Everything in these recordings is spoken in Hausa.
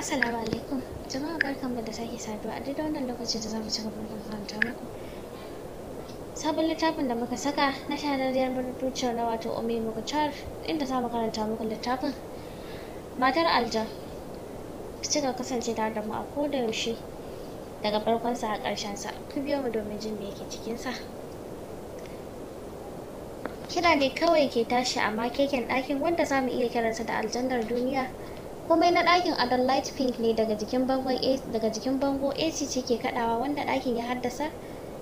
Assalamu alaikum jama'a barkanmu da sake saduwa a duk wannan lokaci da zamu ci gaba da karanta muku sabon littafin da muka saka na shahararriyar marubuciyar na wato Umi Mukachar inda za mu karanta muku littafin matar aljan ci ga kasance tare da mu a koda yaushe daga farkonsa a sa. ku biyo mu domin jin me yake sa. kira ne kawai ke tashi amma keken ɗakin wanda zamu iya kiransa da aljannar duniya komai na ɗakin adon light pink ne daga jikin bangon daga jikin bango ac ce ke kaɗawa wanda ɗakin ya haddasa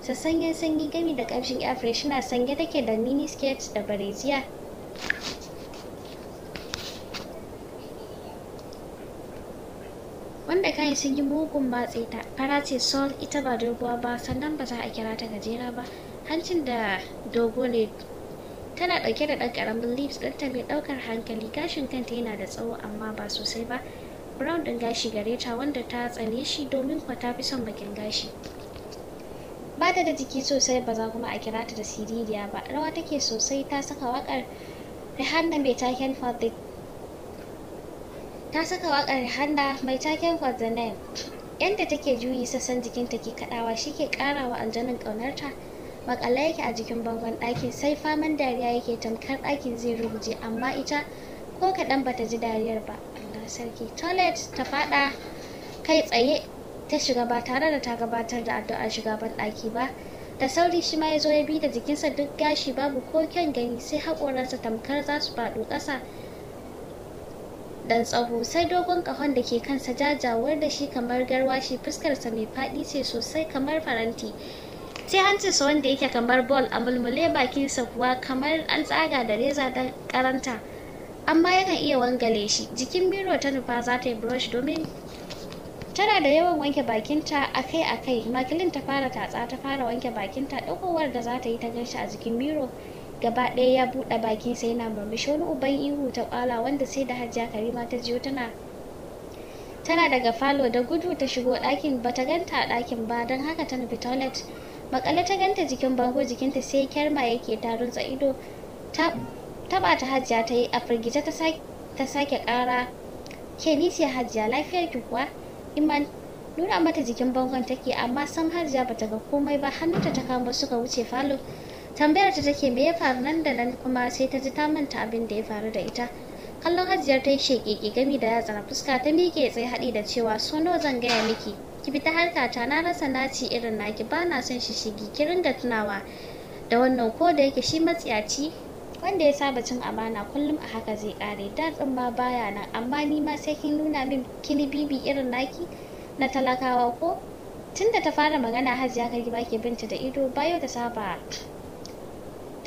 sassanyen sanyi gami da ƙamshin air freshener sanye take da mini skirt da bareziya wanda kayan sun yi mugun tsaye ta fara ce sol ita ba doguwa ba sannan ba za a kira ta gajera ba hancin da dogo ne tana ɗauke da ɗan ƙaramin lips ɗinta mai ɗaukar hankali gashin kanta yana da tsawo amma ba sosai ba brown ɗin gashi gare ta wanda ta tsane shi domin kwa ta fi son bakin gashi ba ta da jiki sosai ba za kuma a kira ta da siririya ba rawa take sosai ta saka waƙar rihanna mai taken for the ta saka waƙar rihanna mai taken for the name yadda take juyi sassan jikinta ke kaɗawa shi ke ƙara wa aljanin ƙaunarta makalla yake a jikin bangon ɗakin sai faman dariya yake tamkar ɗakin zai ruguje amma ita ko kaɗan bata ji dariyar ba Allah sarki toilet ta faɗa kai tsaye ta shiga ba tare da ta gabatar da addu'a shiga ban ɗaki ba da sauri shi ma ya zo ya bi da jikinsa duk gashi babu ko kyan gani sai haƙorarsa tamkar za su faɗo ƙasa dan tsaho sai dogon ƙahon da ke kansa jajawar da shi kamar garwashi fuskarsa mai faɗi ce sosai kamar faranti sai hancinsa wanda yake kamar bol a mulmule bakinsa kuwa kamar an tsaga da reza da karanta amma yakan iya wangale shi jikin biro ta nufa za ta yi brush domin tana da yawan wanke bakinta akai-akai makilin ta fara tatsa ta fara wanke bakinta ɗaukowar da za ta yi ta ganshi a jikin biro gaba ɗaya ya buɗe baki sa yana murmushi wani uban ihu ta kwala wanda sai da hajiya karima ta jiyo tana tana daga falo da gudu ta shigo ɗakin bata ganta a ɗakin ba don haka ta nufi toilet makale ta ganta jikin bango jikinta sai kyarma yake tarun tsa ido ta taba ta hajiya ta yi a firgice ta sake kara ke nisi hajiya lafiyar ki kuwa iman nuna mata jikin bangon take amma san hajiya bata ga komai ba hannunta ta kama suka wuce falo tambayar ta take me ya faru nan da nan kuma sai ta ji ta manta abin da ya faru da ita kallon hajiyar ta yi ke gami da yatsa fuska ta miƙe tsaye haɗi da cewa so nawa zan gaya miki ki bi ta harka ta na rasa naci irin naki ba na son shi shigi ki ringa tunawa da wannan ko da yake shi matsiyaci wanda ya saba cin amana kullum a haka zai kare datsin ma baya nan amma ni ma sai kin nuna min kini bibi irin naki na talakawa ko tunda ta fara magana hajiya karki baki binta da ido bayo ta saba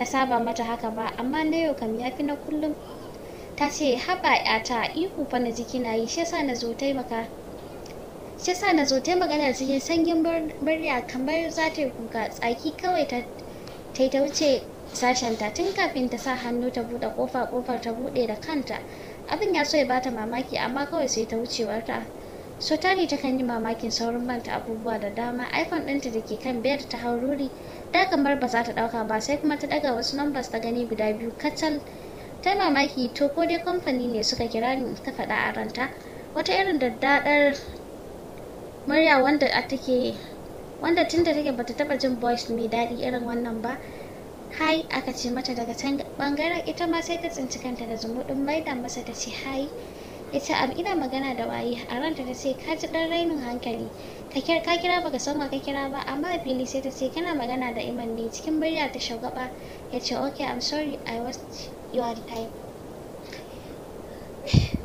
ta saba mata haka ba amma na yau kam ya fi na kullum ta ce haɓa ta, ihu fa na jiki na yi shi yasa na zo taimaka shi sa na zo magana cikin sangin murya kamar za ta yi kuka tsaki kawai ta ta ta wuce sashenta tun kafin ta sa hannu ta buɗe kofa kofar ta buɗe da kanta abin ya so ya bata mamaki amma kawai sai ta wucewarta so ta kan yi mamakin saurin manta abubuwa da dama iphone ɗinta da ke kan bed ta hau ruri da kamar ba za ta ɗauka ba sai kuma ta ɗaga wasu numbers ta gani guda biyu kacal ta mamaki to ko dai kamfani ne suka kira ni ta faɗa a ranta wata irin daddaɗar murya wanda a take wanda tun take bata taba jin voice mai daɗi irin wannan ba hai aka ce mata daga can bangaren ita ma sai ta tsinci kanta da zumuɗin maida masa ta ce hai ita am ina magana da waye a ranta ta ce ka ji ɗan rainin hankali ka kira baka san wa ka kira ba amma fili sai ta ce kana magana da iman ne cikin murya ta shagaba ya ce ok i'm sorry i was your time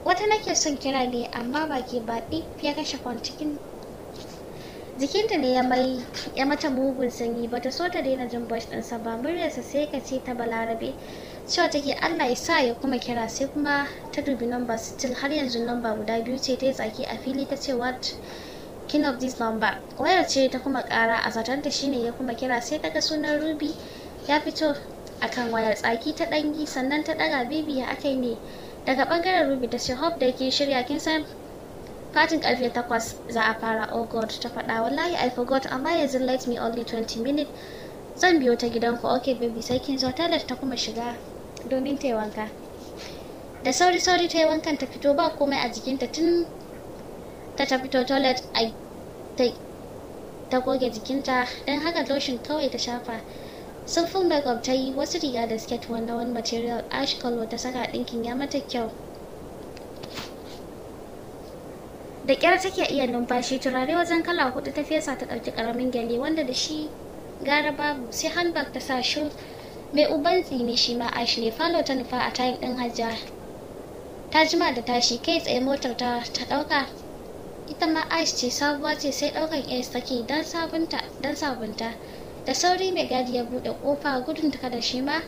wata nake son kira ne amma ba ke baɗi ya kashe kwan cikin jikinta ne ya mata mugun sanyi ba ta so ta daina jin bosh ɗinsa ba muryarsa sai ka ce ta balarabe cewa take allah ya sa ya kuma kira sai kuma ta dubi number still har yanzu number guda biyu ce ta yi tsaki a fili ta ce what king of this number wayar ce ta kuma kara a ta shine ya kuma kira sai ta ga sunan rubi ya fito akan wayar tsaki ta dangi sannan ta daga bibiya akai ne daga bangaren ruby ta ce hope da ke shirya kin san Katin karfe takwas za a fara oh god ta faɗa wallahi I forgot amma yanzu let me only 20 minutes zan biyo ta ku okay baby sai kin zo toilet ta kuma shiga domin ta yi wanka. Da sauri sauri ta yi wankan ta fito ba komai a jikinta tun ta ta fito toilet a ta goge jikinta dan haka lotion kawai ta shafa. Sun fi makeup ta yi wasu riga da sket wanda wani material ash color ta saka ɗinkin ya mata kyau. da kyar take iya numfashi turare wajen kala hudu ta fesa ta ɗauki karamin gyale wanda da shi gara babu sai handbag ta sa mai uban tsini shi ma shi ne falo ta nufa a tayin ɗin hajja ta jima da tashi kai tsaye motar ta ta ɗauka ita ma ash ce sabuwa ce sai ɗaukan ice take don sabunta da sauri mai gadi ya bude kofa gudun ta da shi ma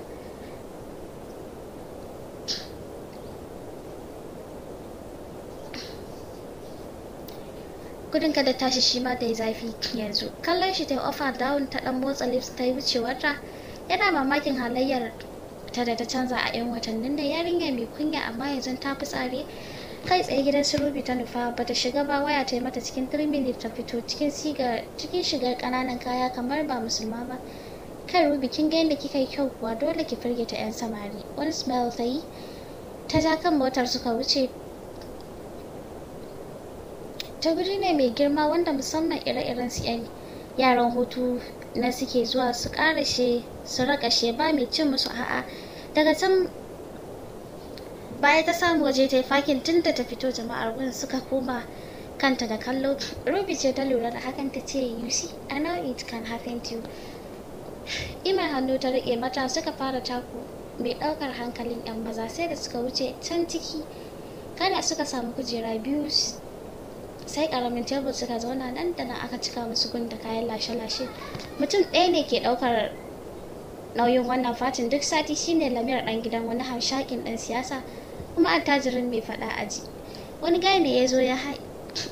gudun kada tashi shi ma ta yi zafi yanzu kallon shi ta yi ofa down ta dan motsa lips ta yi wucewar ta. yana mamakin halayyar ta da ta canza a 'yan watannin da yarinya mai kunya amma yanzu ta fi tsare kai tsaye gidan su rubi ta nufa ta shiga ba waya ta yi mata cikin turmin ta fito cikin shigar kananan kaya kamar ba musulma ba kan rubi kin ga yadda kika yi kyau kuwa dole ki firgita 'yan samari wani smile ta yi ta ja kan motar suka wuce ta guri ne mai girma wanda musamman ire-iren su yan yaran hutu na suke zuwa su karashe su rakashe ba mai cin musu a'a daga can baya ta samu waje ta yi fakin tunda da ta fito jama'ar gun suka koma kanta da kallo rubi ce ta lura da hakan ta ce you see i know it can happen to you ima hannu ta rike mata suka fara taku mai daukar hankalin yan maza sai da suka wuce can ciki kada suka samu kujera biyu sai karamin tebur suka zauna nan da nan aka cika musu gun da kayan lashe-lashe mutum ɗaya ne ke ɗaukar nauyin wannan fatin duk sati shine lamiyar ɗan gidan wani hamshakin ɗan siyasa kuma attajirin mai faɗa aji wani gaya ne ya zo ya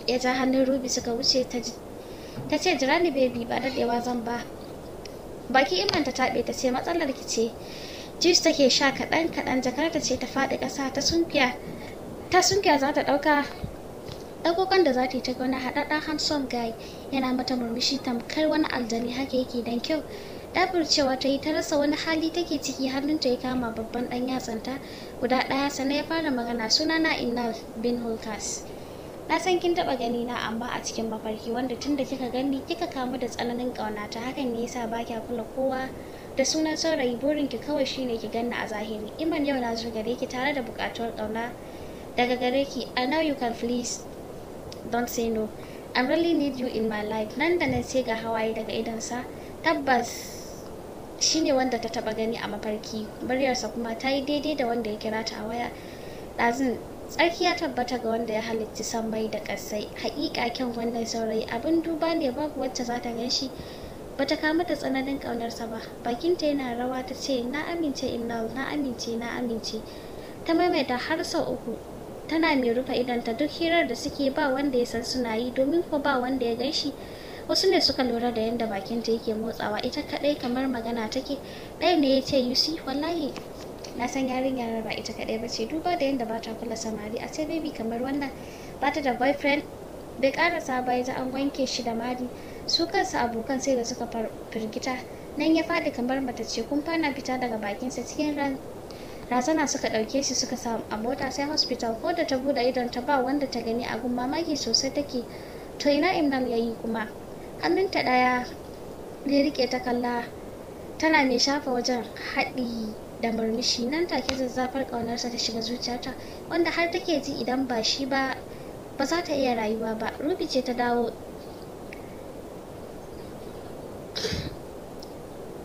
ja hannun rubi suka wuce ta ce jira ni baby ba daɗewa zan ba baki iman ta taɓe ta ce matsalar ki ce juice take sha kaɗan kaɗan jakarta ce ta faɗi ƙasa ta sunkiya ta sunkiya za ta ɗauka dagogon da za ta yi ta wani haɗaɗɗen handsome guy yana mata murmushi tamkar wani aljani haka yake dan kyau cewa ta yi ta rasa wani hali take ciki ta ya kama babban ɗan yatsanta guda ɗaya sannan ya fara magana suna na inal bin hulkas na san kin taɓa gani na amma a cikin mafarki wanda tun da kika gani kika kamu da tsananin ƙaunata hakan ne yasa ba kya kula kowa da sunan saurayi burin ki kawai shine ki ganna a zahiri iman yau na zo gare ki tare da buƙatuwar ƙauna daga gare ki i know you can please don't say no i really need you in my life nan da nan sai ga hawaye daga idansa tabbas shine wanda ta taba gani a mafarki muryarsa kuma ta yi daidai da wanda ya kira ta a waya ɗazun tsarki ya tabbata ga wanda ya san sambai da ƙasai haƙiƙa kyan wannan saurayi abin duba ne babu wacce za ta gan shi bata kama da tsananin ƙaunarsa ba bakinta yana rawa ta ce na amince innal na amince na amince ta maimaita har sau uku tana mai rufe idanta duk hirar da suke ba wanda ya san suna yi domin ko ba wanda ya shi wasu ne suka lura da yadda bakinta yake motsawa ita kadai kamar magana take ɗaya ne ya ce yusi wallahi na san yarinyar ba ita kadai ba ce duba da yadda ba ta kula samari a sai baby kamar wannan ba ta da boyfriend bai karasa ba ya an wanke shi da mari su kansa abokan sai da suka firgita nan ya faɗi kamar mata ce kun fana fita daga bakinsa cikin ran razana suka ɗauke shi suka samu a mota sai hospital ko da ta buɗe idon ta ba wanda ta gani abun mamaki sosai take to ina imnan ya yi kuma hannunta ɗaya ya rike ta kalla tana mai shafa wajen haɗi da murmushi nan take zazzafar ƙaunarsa ta shiga zuciyarta wanda har take ji idan ba shi ba ba za ta iya rayuwa ba rubi ce ta dawo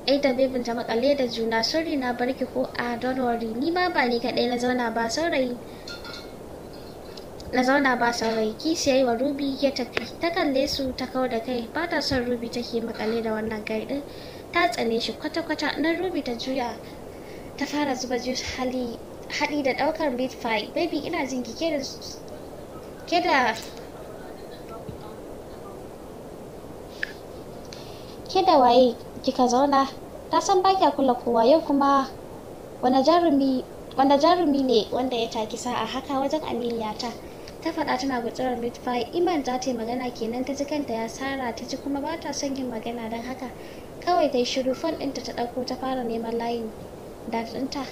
Aidan bebin ta makale da juna sorry na barki ko a ah, don ni ma ba ne kaɗai na zauna ba saurayi na zauna ba wa ya tafi ta kalle su ta kau da kai ba ta son ta ke makale da wannan kai ta tsane shi kwata-kwata na rubi ta juya ta fara zuba jus hali haɗi da ɗaukar meat baby ina jin ki ke da ke da waye kika zauna na san ba kya kula kowa yau kuma wani jarumi wanda jarumi ne wanda ya taki sa'a haka wajen amelia ta ta faɗa tana gutsurar bitfai iman za ta yi magana kenan ta ji kanta ya sara ta ji kuma ba ta son yin magana don haka kawai ta yi shiru fan ɗinta ta ɗauko ta fara neman layin daɗinta.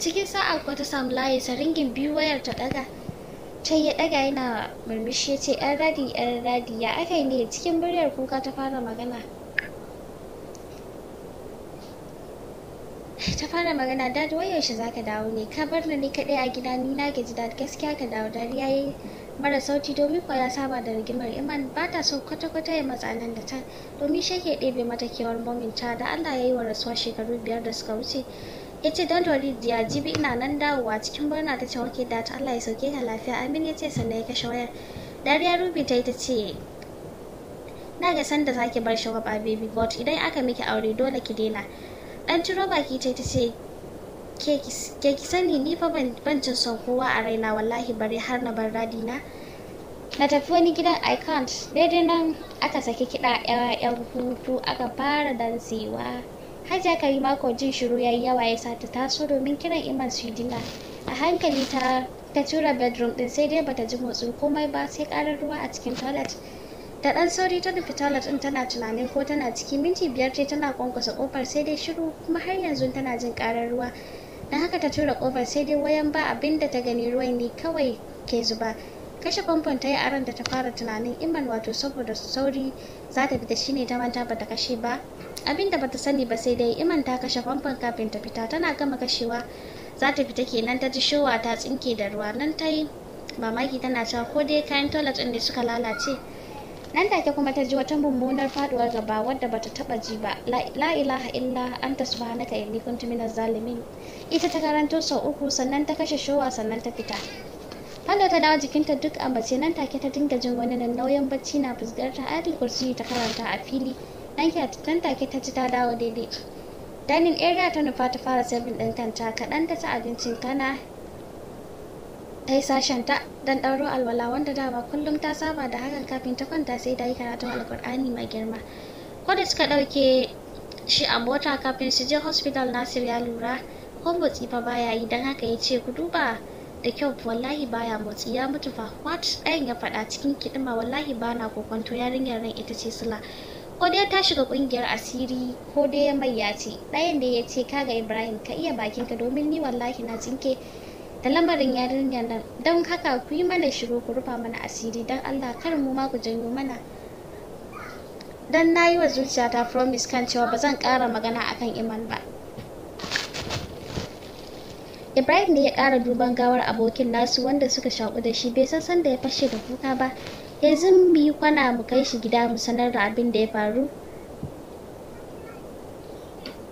cikin sa'a kuwa ta samu layi saringin biyu wayar ta ɗaga ta ya ɗaga yana murmushi ya ce yan radi yan radi ya aka yi ne cikin muryar kuka ta fara magana ta fara magana dad wai yaushe ka dawo ne ka bar ni kaɗai a gida ni na gaji dad gaskiya ka dawo ya yi mara sauti domin kuwa ya saba da rigimar iman ba ta so kwata-kwata ya matsa nan da ta domin ke ɗebe mata kewar momin ta da allah ya yi wa rasuwa shekaru biyar da suka wuce ya ce don tori jiya jibi ina nan dawowa cikin barna ta ce wake da ta Allah ya sauke ka lafiya amin ya ce sannan ya kashe wayar dariya rubi ta yi ta ce na ga san da zaki bar shugaba baby but idan aka miki aure dole ki daina dan ciro baki ta ta ce ke ki sani ni fa ban cin son kowa a raina wallahi bare har na bar radina. na tafi wani gidan dai daidai nan aka saki kiɗa yan hutu aka fara dansewa Hajiya Karima ko jin shiru ya yi yawa ya sa ta taso domin kiran Iman su dila. A hankali ta ta tura bedroom din sai dai bata ji motsi komai ba sai karar ruwa a cikin toilet. Da ɗan sauri ta nufi toilet din tana tunanin ko tana ciki minti biyar ce tana kwankwasa kofar sai dai shiru kuma har yanzu tana jin karar ruwa. Dan haka ta tura kofar sai dai wayan ba abin da ta gani ruwan ne kawai ke zuba. kashe famfon ta yi a ran da ta fara tunanin iman wato saboda sauri za ta bi da shi ne ta manta ba ta kashe ba Abin da bata sani ba sai dai imanta ta kashe famfon kafin ta fita tana gama kashewa za ta fita kenan ta ji showa ta tsinke da ruwa nan ta yi mamaki tana cewa ko dai kayan toilet ɗin da suka lalace nan ke kuma ta ji wata mummunar faduwar gaba wadda bata taba ji ba la ilaha illa anta subhanaka inni kuntu minaz zalimin ita ta karanto sau uku sannan ta kashe showa sannan ta fita Hallo ta dawo jikinta duk a bace nan take ta dinga jin wani nauyin bacci na fusgarta ayatul kursi ta karanta a fili Ankiya tan take ta ci ta dawo daidai. Dining area ta nufa ta fara serving ɗin kanta kaɗan ta ci abincin kana ta yi sashen ta don ɗauro alwala wanda dama kullum ta saba da hakan kafin ta kwanta sai da yi al alkur'ani mai girma. Ko da suka ɗauke shi a mota kafin su je hospital Nasir ya lura ko motsi fa baya yi don haka ya ce ku duba da kyau wallahi baya motsi ya mutu fa what ɗayan ya faɗa cikin kiɗima wallahi bana kokonto yarinyar nan ita ce sula ko dai ta shiga kungiyar asiri ko dai ya mai ya ce ɗayan da ya ce kaga ibrahim ka iya bakin ka domin ni wallahi na tsinke da lamarin yarinyar nan don haka ku yi mana shiru ku rufa mana asiri don allah kar mu ma ku janyo mana don na yi wa ta promise kan cewa ba zan ƙara magana akan iman ba ibrahim ne ya ƙara duban gawar abokin nasu wanda suka shaku da shi bai san sanda ya fashe da kuka ba yanzu eh, mu kwana mu kai shi gida mu sanar da abin da ya faru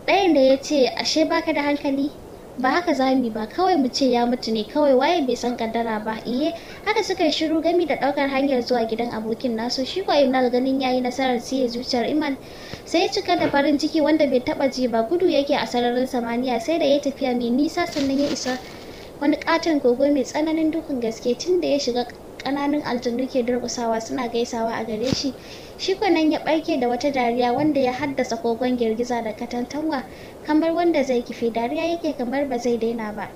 ɗayan da ya ce ashe baka da hankali ba haka zami ba kawai mu ce ya mutu ne kawai waye bai san kaddara ba iye haka suka yi shiru gami da ɗaukar hanyar zuwa gidan abokin nasu shi kwa imnal ganin yayi nasarar siye zuciyar iman sai ya cika da farin ciki wanda bai taba ji ba gudu yake a sararin samaniya sai da ya tafiya mai nisa sannan ya isa wani katon kogo mai tsananin dukan gaske tun da ya shiga ƙananun aljanu ke durƙusawa suna gaisawa a gare shi shi nan ya ɓarke da wata dariya wanda ya haddasa kogon girgiza da katantanwa kamar wanda zai kife dariya yake kamar ba zai daina ba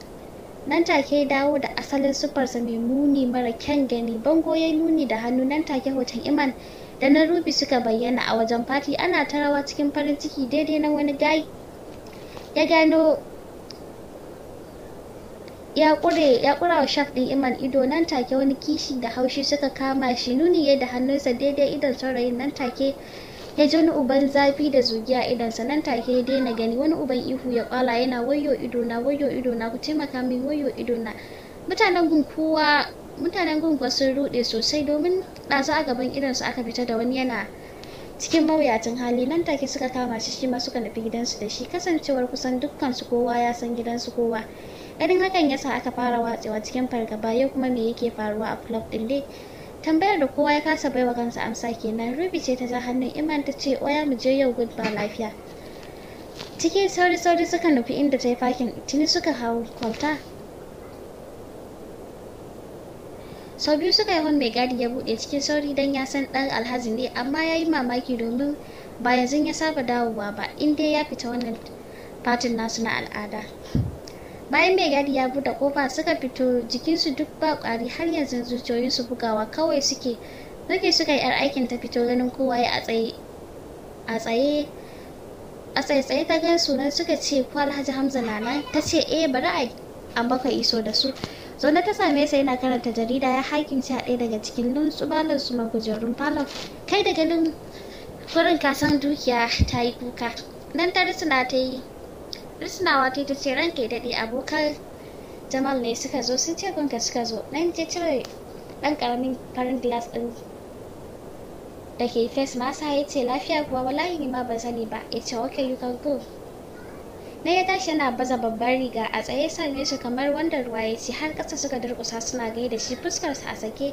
nan take dawo da asalin sufarsa mai muni mara kyan gani bango ya nuni da hannu nan take hoton iman da na rubi suka bayyana a wajen fati ana ta rawa cikin farin ciki daidai na wani gayi ya gano ya ƙure ya ƙura wa shaf ɗin iman ido nan take wani kishi da haushi suka kama shi nuni ya da hannunsa daidai idon saurayin nan take ya ji wani uban zafi da zugiya a sa nan take ya daina gani wani uban ihu ya kwala yana wayo idona wayo idona ku taimaka min wayo idona mutanen gun kowa mutanen gun kuwa sun rude sosai domin ɗazu a gaban su aka fita da wani yana cikin mawuyacin hali nan take suka kama shi shi ma suka nufi gidansu da shi kasancewar kusan dukkansu kowa ya san gidansu kowa ganin hakan ya sa aka fara watsewa cikin fargaba yau kuma me yake faruwa a club din dai tambayar da kowa ya kasa baiwa kansa amsa kenan Ruby ce ta ja hannun iman ta ce oya mu je yau good ba lafiya cikin sauri sauri suka nufi inda ta yi fakin tuni suka hau kwalta sau biyu suka yi mai gadi ya buɗe cikin sauri don ya san ɗan alhaji ne amma ya yi mamaki domin ba yanzu ya saba dawowa ba inda ya fita wannan fatin nasu na al'ada bayan mai gadi ya bude kofa suka fito jikinsu duk ba kwari har yanzu zuciyoyinsu bugawa kawai suke rage suka yi yar aikin ta fito ganin kowa ya a tsaye a tsaye ta gan sunan suka ce ko alhaji hamza nana ta ce eh bari a baka iso da su zaune ta same sa yana karanta jarida ya hakimci a ɗaya daga cikin luntsubalan su magujerun falon kai da ganin kurin kasan dukiya ta yi kuka nan ta na ta yi risnawa ta ta ce ranka daɗi abokan jamal ne suka zo sun ce gunka suka zo nan je cire ɗan ƙaramin farin glass ɗin da ke face masa ya ce lafiya kuwa wallahi ne ma ban sani ba ya ce okay you can go na ya tashi yana baza babbar riga a tsaye same shi kamar wanda ruwa ya ce har ƙasa suka durƙusa suna da shi fuskarsa a sake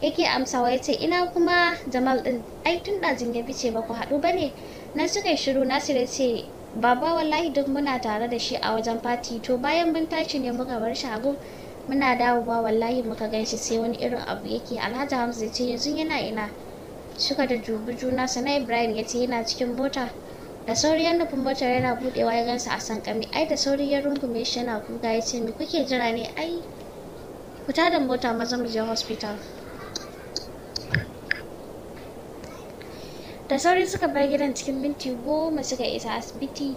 yake amsawa ya ce ina kuma jamal ɗin ai tun ɗazin ya ce ba ku haɗu ba ne nan suka yi shiru nasiru ya ce baba wallahi duk muna tare da shi a wajen fati to bayan mun tashi ne muka bar shago muna dawowa wallahi muka gan shi sai wani irin abu yake alhaji hamza ya ce yanzu yana ina suka da dubu juna sana ibrahim ya ce yana cikin bota da sauri nufin motar yana budewa ya gansa a sankami ai da sauri ya rungume shi yana kuka ya ce me kuke jira ne ai fita da mota maza mu je hospital da sauri suka bar gidan cikin minti goma suka isa asibiti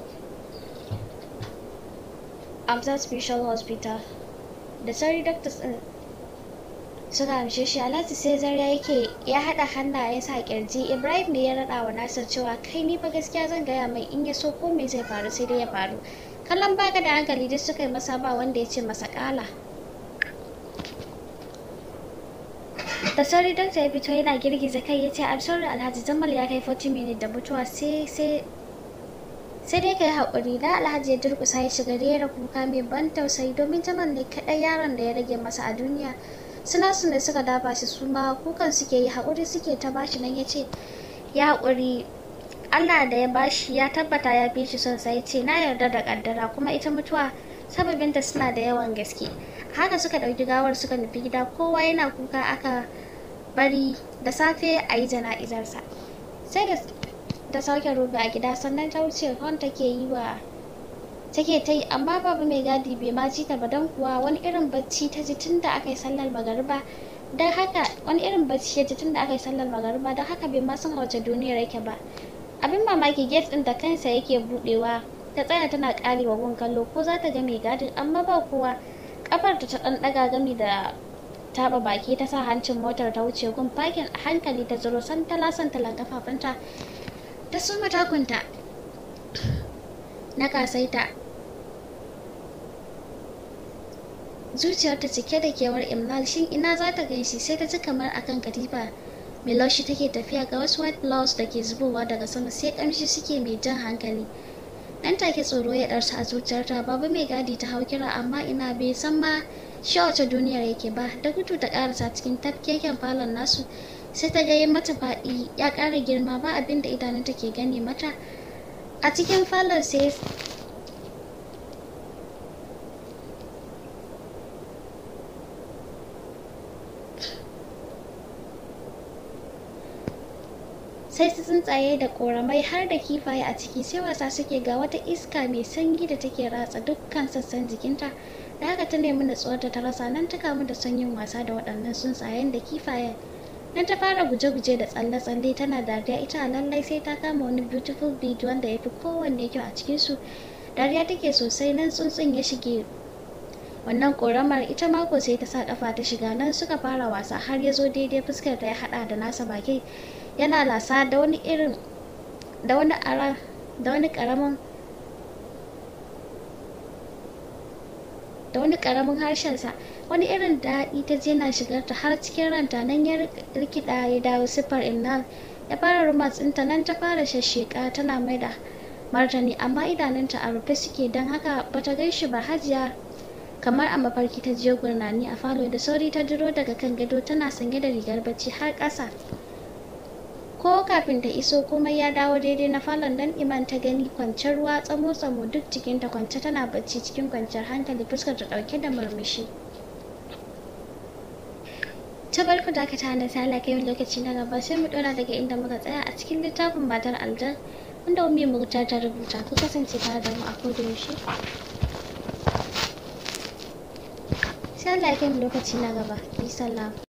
amsa special hospital da sauri doctors din suka amshe shi alhaji sai zarra yake ya haɗa ya sa kirji ibrahim ne ya rada wa nasir cewa kai ni fa gaskiya zan gaya mai in ya so ko me zai faru sai dai ya faru kallon baka da hankali duk suka yi masa ba wanda ya ce masa kala da sauri ta yi fito yana girgiza kai ya ce i'm sorry alhaji zammal ya kai 40 minutes da mutuwa sai sai ka yi haƙuri da alhaji ya durkusa ya shiga rera kuka mai ban tausayi domin jamal ne kaɗai yaron da ya rage masa a duniya sinasun da suka dafa shi su ma kukan suke yi haƙuri suke ta bashi nan ya ce ya haƙuri allah da ya bashi ya tabbata ya fi shi sosai ce na yarda da ƙaddara kuma ita mutuwa sababinta suna da yawan gaske haka suka ɗauki gawar suka nufi gida kowa yana kuka aka bari da safe a yi jana'izarsa sai da da sauke rubu a gida sannan ta wuce hon take yi wa take ta yi amma babu mai gadi bai ma ci ta ba don kuwa wani irin bacci ta ji tun da aka yi sallar magariba don haka wani irin bacci ya ji tun da aka yi sallar magariba don haka bai ma san wace duniyar yake ba abin mamaki gate din da kansa yake budewa ta tsaya tana karewa gun kallo ko za ta ga mai gadin amma ba kowa kafar ta ta dan daga gami da taɓa baki ta sa hancin motar ta wuce gun fakin a hankali ta tsiro santala santalan kafafunta ta suma takunta na kasaita zuciyarta cike da kewar imlal shin ina za ta gaishe sai ta ji kamar akan katifa Mai miloshi take tafiya ga wasu white blouse da ke zubowa daga sama sai kamshi suke mai jan hankali ɗan take tsoro ya ɗarsa a zuciyarta babu mai gadi ta hau kira amma ina bai san ma shi wace duniyar yake ba da gudu ta karasa cikin tafkeken falon nasu sai ta gaye mata faɗi ya ƙara girma ba abinda da idanun ke gane mata a cikin falon sai sai su tsuntsaye da ƙoramai har da kifaye a ciki sai wasa suke ga wata iska mai sanyi da take ratsa dukkan sassan jikinta da haka ta nemi natsuwar ta rasa nan ta kamu da sanyin wasa da waɗannan tsuntsayen da kifayen nan ta fara guje-guje da tsalle-tsalle tana dariya ita lallai sai ta kama wani beautiful bead wanda ya fi kowanne kyau a cikin su dariya take sosai nan tsuntsun ya shige wannan ƙoramar ita mako sai ta sa ƙafa ta shiga nan suka fara wasa har ya zo daidai fuskar ta ya haɗa da nasa bakin yana lasa da wani irin da wani ara da wani karamin da wani karamin harshensa wani irin daɗi ta je na shigar ta har cikin ranta nan ya rikida ya dawo siffar innal ya fara rumats ta nan ta fara shashshika tana mai da martani amma idanunta a rufe suke don haka bata gaishe ba hajiya kamar a mafarki ta je gurnani a falo da sauri ta jiro daga kan gado tana sanye da rigar bacci har ƙasa ko kafin ta iso komai ya dawo daidai na falon dan iman ta gani kwanciyar ruwa tsamo tsamo duk cikin ta kwance tana bacci cikin kwanciyar hankali fuskar ta dauke da murmushi ta barku dakata da ta kai yau lokaci na gaba sai mu dora daga inda muka tsaya a cikin littafin matar aljan inda ummi mugutar ta rubuta ku kasance tare da mu a kodayaushe sai Allah ya kai mu lokaci na gaba bi sallama